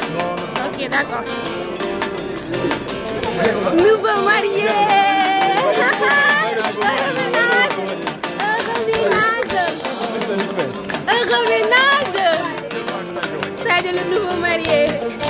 Ok, d'accord. Nous va Een Heureux ménage Heureux ménage Heureux ménage nouveau marié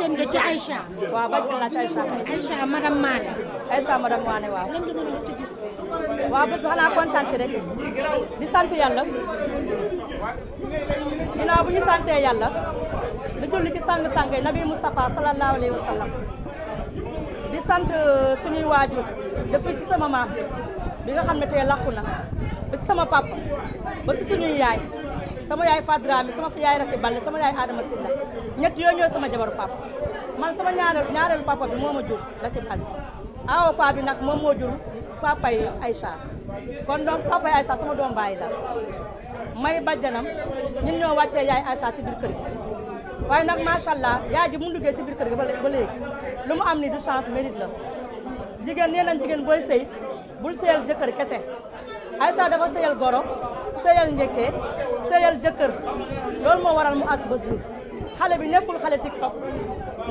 jën nga ci Aïcha. waaw bàjjen la ci Aïcha. Aïcha madame Mané. Aïcha madame Mané waaw. lan nga a wax ci rek di sant yàlla ginnaaw bu ñu santee yàlla di julli ci sang-sang yi nabi Moustapha sallallahu alayhi wa di sant euh, suñuy waajur depuis ci sama maam bi nga xam ne tey làqu na ba ci sama papa ba ci suñuy yaay. sama yaay Fadrami sama yaay Racky Balle sama yaay Adama Silla ñett yooyu ñooy sama jabaru papa man sama ñaareel ñaareelu papa bi moo ma jur Racky Balle awo paa bi nag moom moo jur papa yi Aïcha kon donc papa yi sama doom bàyyi la may bajjanam ñun ñoo wàccee yaay Aïcha ci biir kër gi nag macha allah yaay ji mu liggéey ci biir kër gi ba léegi lu mu am ni du chance mérite la jigéen nee nañ jigéen booy sëy bul sëyal jëkkër kese Aïcha dafa sëyal goro sëyal njëkkee sëyal jëkkër loolu moo waral mu as ba xale bi nekkul xale tiktok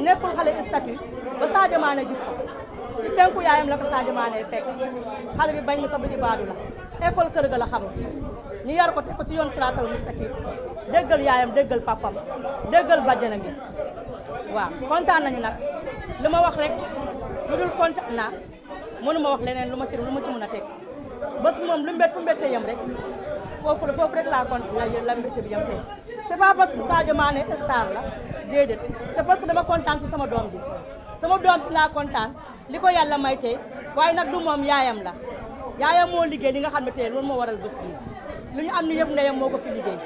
nekkul xale statut ba Sadio Mané gis ko ci penku yaayam la ko Sadio Mané fekk xale bi bañ na sax bu ibaadu la école kër ga la xam ñu yar ko teg ko ci yoon siraatal mustaqim déggal yaayam déggal papam déggal bàjjanam bi waaw kontaan nañu nag li ma wax rek lu dul kontaan naa mënu ma wax leneen lu ma ci lu ma ci mën a teg ba moom lu mbét fu mbéttee yam rek foofu la foofu rek laa kontaan yéen la mbégte bi yam tey c' est pas parce que Sadio Mané la déedéet c' est parce dama kontaan si sama doom bi sama doom bi laa kontaan li ko yàlla may tey waaye nag du moom yaayam la yaayam moo liggéey li nga xam ne tey loolu moo waral bës bi lu ñu am ni yëpp ndeyam moo ko fi liggéey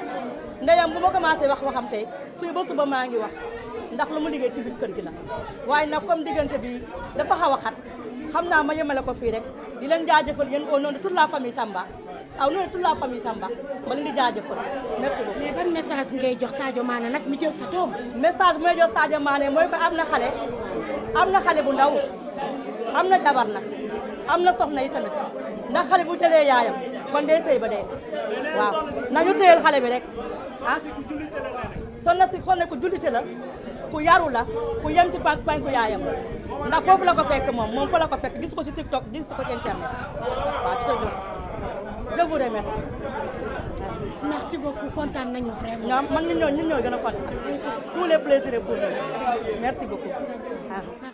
ndeyam bu ma commencé wax waxam tey fii ba suba maa ngi wax ndax lu mu liggéey ci biir kër gi la waaye nag comme diggante bi dafa xaw a xat xam naa ma yemale ko fii rek di leen jaajëfal yéen au nom de toute la famille Tamba aw noonu toute la famille Tamba ma leen di jaajëfal merci beaucoup. mais ban message ngay jox Sadio Mané nag mi jël sa doom. message mooy jox Sadio Mané mooy ko am na xale am na xale bu ndaw am na jabar nag am na soxna yi tamit xale bu jëlee yaayam kon day sëy ba dee waaw nañu téyel xale bi rek ah sonna si xon ne ku jullite la ku yaru la ku yem ci pànk yaayam ndax foofu la ko fekk mom mom fa la ko fekk gis ko ci TikTok gis ko ci internet waaw ci je vous remercie. merci beaucoup Content, nañu vraiment. ñoom man ñu ñoo ñun ñoo tous les plaisirs pour nous merci beaucoup.